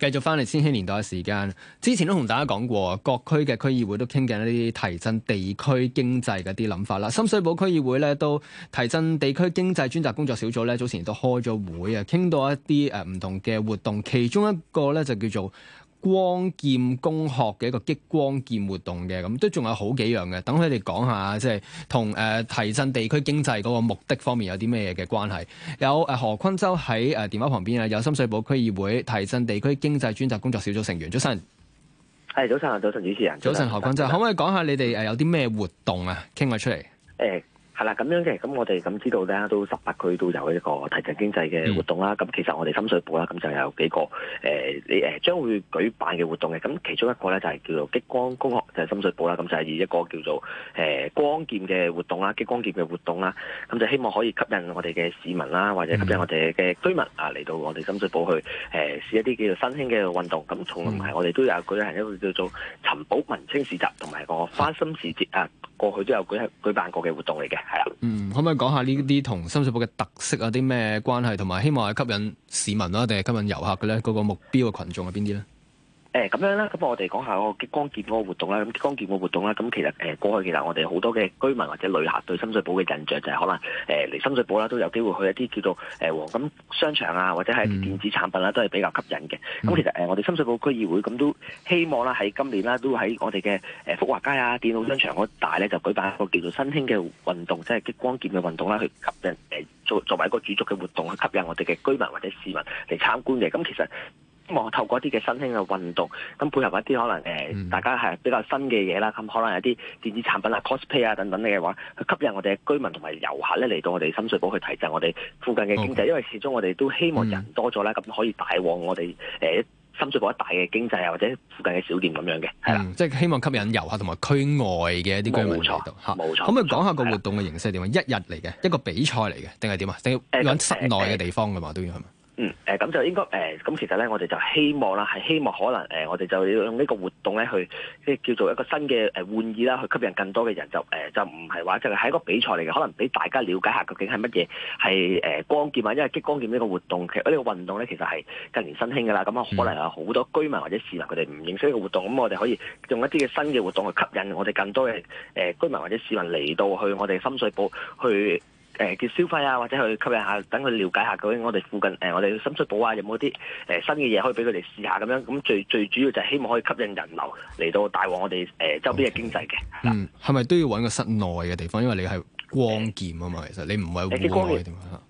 繼續翻嚟《千禧年代》嘅時間，之前都同大家講過，各區嘅區議會都傾緊一啲提振地區經濟嘅啲諗法啦。深水埗區議會咧都提振地區經濟專責工作小組咧，早前都開咗會啊，傾到一啲誒唔同嘅活動，其中一個咧就叫做光劍工學嘅一個激光劍活動嘅，咁，都仲有好幾樣嘅。等佢哋講下，即係同誒提振地區經濟嗰個目的方面有啲咩嘅關係？有誒、呃、何坤洲喺誒、呃、電話旁邊啊，有深水埗區議會提振地區經濟專責工作小組成員，早晨。係，早晨，早晨，主持人，早晨，何坤洲。上可唔可以講下你哋誒有啲咩活動啊？傾埋出嚟。誒、欸。係啦，咁樣嘅，咁我哋咁知道咧，都十八區都有一個提振經濟嘅活動啦。咁、嗯、其實我哋深水埗啦，咁就有幾個誒、呃，你誒將會舉辦嘅活動嘅。咁其中一個咧就係叫做激光工學，就係、是、深水埗啦。咁就係以一個叫做誒光劍嘅活動啦，激光劍嘅活動啦。咁就希望可以吸引我哋嘅市民啦，或者吸引我哋嘅居民啊嚟到我哋深水埗去誒試一啲叫做新興嘅運動。咁同埋我哋都有舉行一個叫做尋寶文青市集同埋個花心市集啊，過去都有舉舉辦過嘅活動嚟嘅。嗯，可唔可以講下呢啲同深水埗嘅特色有啲咩關係，同埋希望係吸引市民啊，定係吸引遊客嘅咧？嗰個目標嘅群眾係邊啲咧？誒，咁樣啦，咁我哋講下嗰個激光劍嗰個活動啦。咁激光劍個活動啦，咁其實誒、呃、過去其實我哋好多嘅居民或者旅客對深水埗嘅印象就係可能誒嚟、呃、深水埗啦，都有機會去一啲叫做誒黃金商場啊，或者係電子產品啦、啊，都係比較吸引嘅。咁、嗯、其實誒、呃、我哋深水埗區議會咁都希望啦，喺今年啦、啊，都會喺我哋嘅誒福華街啊、電腦商場嗰帶咧，就舉辦一個叫做新興嘅運動，即係激光劍嘅運動啦、啊，去吸引誒作作為一個主足嘅活動去吸引我哋嘅居民或者市民嚟參觀嘅。咁其實。做嗰啲嘅新興嘅運動，咁配合一啲可能誒，大家係比較新嘅嘢啦，咁可能有啲電子產品啊、cosplay 啊等等嘅話，去吸引我哋嘅居民同埋遊客咧嚟到我哋深水埗去提振我哋附近嘅經濟，Okay. 因為始終我哋都希望人多咗啦，咁、嗯、可以帶旺我哋誒、呃、深水埗一帶嘅經濟啊，或者附近嘅小店咁樣嘅，係啦、嗯，即係希望吸引遊客同埋區外嘅一啲居民喺度嚇。冇錯，啊、錯可唔可以講下個活動嘅形式係點啊？錯一日嚟嘅，一個比賽嚟嘅，定係點啊？定揾室內嘅地方嘅嘛，都要係嗯，誒、呃、咁就應該，誒、呃、咁其實咧，我哋就希望啦，係希望可能，誒、呃、我哋就要用呢個活動咧，去即係叫做一個新嘅誒玩意啦，去吸引更多嘅人就誒，就唔係話就係喺、就是、一個比賽嚟嘅，可能俾大家了解下究竟係乜嘢係誒光劍啊，因為激光劍呢個活動其實呢個運動咧，其實係近年新興噶啦，咁、嗯、啊可能有好多居民或者市民佢哋唔認識呢個活動，咁我哋可以用一啲嘅新嘅活動去吸引我哋更多嘅誒、呃、居民或者市民嚟到去我哋深水埗去。誒，叫消費啊，或者去吸引下，等佢了解下究竟我哋附近誒，我哋深水埗啊，有冇啲誒新嘅嘢可以俾佢哋試下咁樣？咁最最主要就係希望可以吸引人流嚟到帶旺我哋誒、呃、周邊嘅經濟嘅。Okay. 啊、嗯，係咪都要揾個室內嘅地方？因為你係光劍啊嘛，其實你唔係戶外嘅、呃。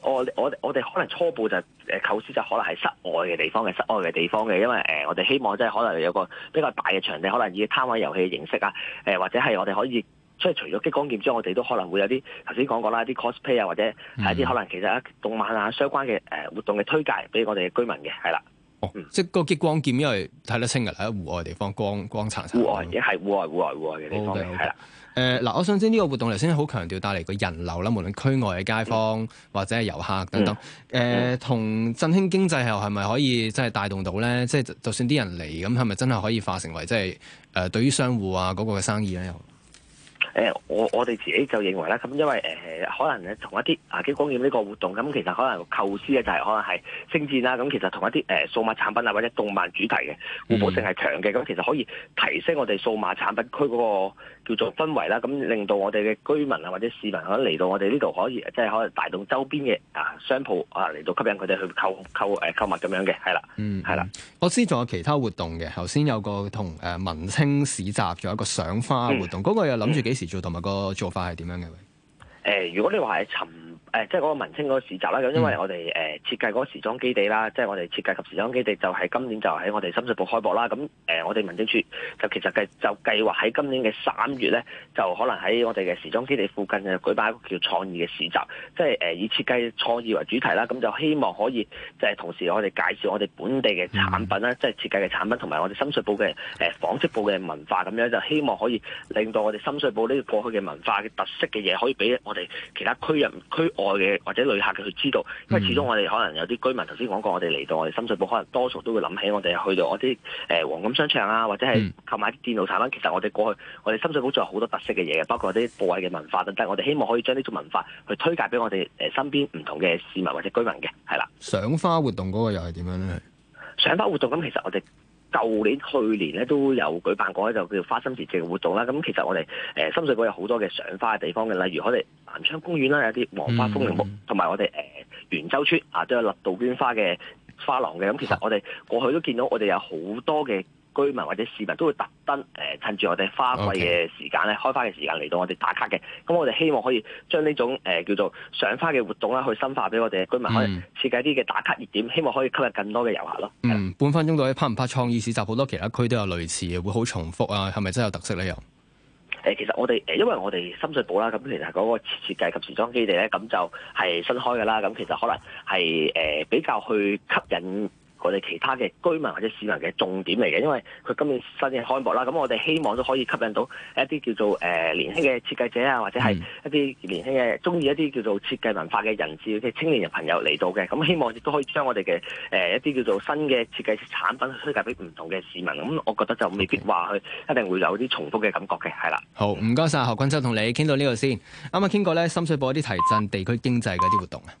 我我我哋可能初步就誒構思就可能係室外嘅地方嘅，室外嘅地方嘅，因為誒、呃、我哋希望即係可能有個比較大嘅場地，可能以攤位遊戲嘅形式啊，誒、呃、或者係我哋可以。所以除咗激光劍之外，我哋都可能會有啲頭先講過啦，啲 cosplay 啊，或者係一啲可能其實一動漫啊相關嘅誒活動嘅推介俾我哋嘅居民嘅，係啦。哦，嗯、即係個激光劍因為睇得清嘅，喺戶外地方光光殘殘。戶外嘅係戶外，戶外戶外嘅呢方面係啦。誒嗱，我想知呢個活動頭先好強調帶嚟個人流啦，無論區外嘅街坊、嗯、或者係遊客等等。誒、嗯，同、呃、振興經濟又係咪可以即係帶動到咧？即、就、係、是、就算啲人嚟咁，係咪真係可以化成為即係誒對於商戶啊嗰個嘅生意咧？誒、欸，我我哋自己就認為啦，咁因為誒、呃、可能同一啲啊激光劍呢個活動，咁其實可能構思嘅就係、是、可能係星戰啦。咁其實同一啲誒數碼產品啊或者動漫主題嘅互補性係強嘅，咁其實可以提升我哋數碼產品區嗰、那個。叫做氛圍啦，咁令到我哋嘅居民啊或者市民可能嚟到我哋呢度可以，即、就、係、是、可能帶動周邊嘅啊商鋪啊嚟到吸引佢哋去購購誒購物咁樣嘅，係啦、嗯，嗯，係啦的。我知仲有其他活動嘅，頭先有個同誒文青市集做一個賞花活動，嗰、嗯、個又諗住幾時做同埋、嗯、個做法係點樣嘅？誒、呃，如果你話喺尋。誒，即係嗰個文青嗰個市集啦。咁因為我哋誒設計嗰個時裝基地啦，即係我哋設計及時裝基地就係今年就喺我哋深水埗開播啦。咁誒，我哋民政處就其實計就計劃喺今年嘅三月咧，就可能喺我哋嘅時裝基地附近就舉辦一個叫創意嘅市集，即係誒以設計創意為主題啦。咁就希望可以即係同時我哋介紹我哋本地嘅產品啦，即係設計嘅產品同埋我哋深水埗嘅誒紡織布嘅文化咁樣，就希望可以令到我哋深水埗呢個過去嘅文化嘅特色嘅嘢可以俾我哋其他區人區外嘅或者旅客嘅去知道，嗯、因為始終我哋可能有啲居民頭先講過，我哋嚟到我哋深水埗，可能多數都會諗起我哋去到我啲誒黃金商場啊，或者係購買啲電腦產品。嗯、其實我哋過去，我哋深水埗仲有好多特色嘅嘢嘅，包括啲部位嘅文化等等。我哋希望可以將呢種文化去推介俾我哋誒身邊唔同嘅市民或者居民嘅，係啦。賞花活動嗰個又係點樣咧？賞花活動咁，其實我哋。舊年去年咧都有舉辦過一就叫做花心節嘅活動啦，咁其實我哋誒、呃、深水埗有好多嘅賞花嘅地方嘅，例如我哋南昌公園啦，有啲黃花風鈴木，同埋、嗯嗯、我哋誒元州邨啊都有簕杜鵑花嘅花廊嘅，咁其實我哋過去都見到我哋有好多嘅。居民或者市民都會特登誒、呃，趁住我哋花季嘅時間咧，Okay. 開花嘅時間嚟到我哋打卡嘅。咁我哋希望可以將呢種誒、呃、叫做賞花嘅活動啦，去深化俾我哋嘅居民可以設計啲嘅打卡熱點，嗯、希望可以吸引更多嘅遊客咯。嗯，半吧分鐘到底，拍唔拍？創意市集好多其他區都有類似嘅，會好重複啊？係咪真係有特色咧？又誒、呃，其實我哋誒、呃，因為我哋深水埗啦，咁其實嗰個設計及時裝基地咧，咁就係新開㗎啦。咁其實可能係誒、呃、比較去吸引。我哋其他嘅居民或者市民嘅重點嚟嘅，因為佢今年新嘅開幕啦，咁我哋希望都可以吸引到一啲叫做誒、呃、年輕嘅設計者啊，或者係一啲年輕嘅中意一啲叫做設計文化嘅人士，即係青年人朋友嚟到嘅，咁、嗯、希望亦都可以將我哋嘅誒一啲叫做新嘅設計產品推介俾唔同嘅市民。咁、嗯、我覺得就未必話佢一定會有啲重複嘅感覺嘅，係啦 Okay. 的。好，唔該晒。何坤洲同你傾到呢度先。啱啱傾過咧，深水埗一啲提振地區經濟嘅一啲活動啊。